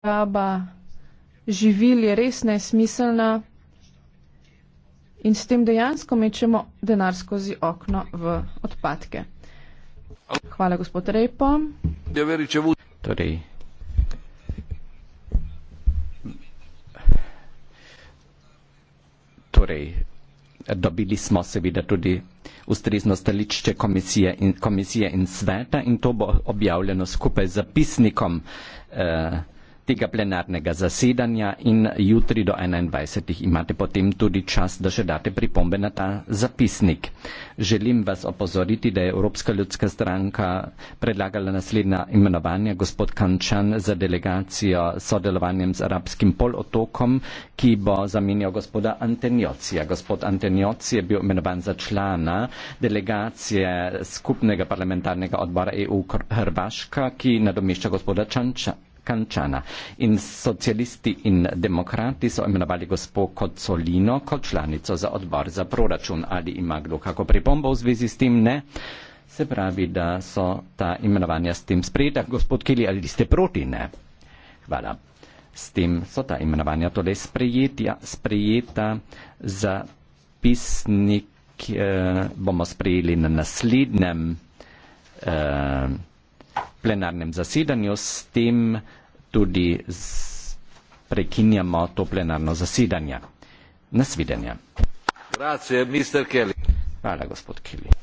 uporaba živil je res nesmiselna in s tem dejansko mečemo denar skozi okno v odpadke. Hvala, gospod Repo. Torej, torej, dobili smo seveda tudi ustrezno stališče komisije in, komisije in sveta in to bo objavljeno skupaj z zapisnikom. Eh, tega plenarnega zasedanja in jutri do 21. imate potem tudi čas, da še date pripombe na ta zapisnik. Želim vas opozoriti, da je Evropska ljudska stranka predlagala naslednja imenovanja gospod Kančan za delegacijo s sodelovanjem z arabskim polotokom, ki bo zamenjal gospoda Anteniocija. Gospod Anteniocij je bil imenovan za člana delegacije skupnega parlamentarnega odbora EU Hrvaška, ki nadomešča gospoda Čančana. Kančana. In socialisti in demokrati so imenovali gospo Kocolino kot članico za odbor za proračun. Ali ima kdo kako pripombo v zvezi s tim? Ne. Se pravi, da so ta imenovanja s tem sprejeta. Gospod Kili, ali ste proti? Ne. Hvala. S tem so ta imenovanja torej sprejeta za pisnik. Eh, bomo sprejeli na naslednjem. Eh, plenarnem zasedanju, s tem tudi prekinjamo to plenarno zasedanje. Nasvidenja. Grazie, Hvala, gospod Kelly.